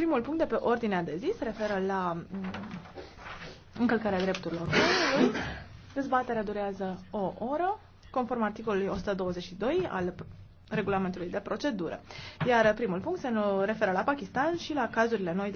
Primul punct de pe ordinea de zi se referă la mm, încălcarea drepturilor omului. Dezbaterea durează o oră, conform articolului 122 al regulamentului de procedură. Iar primul punct se referă la Pakistan și la cazurile noi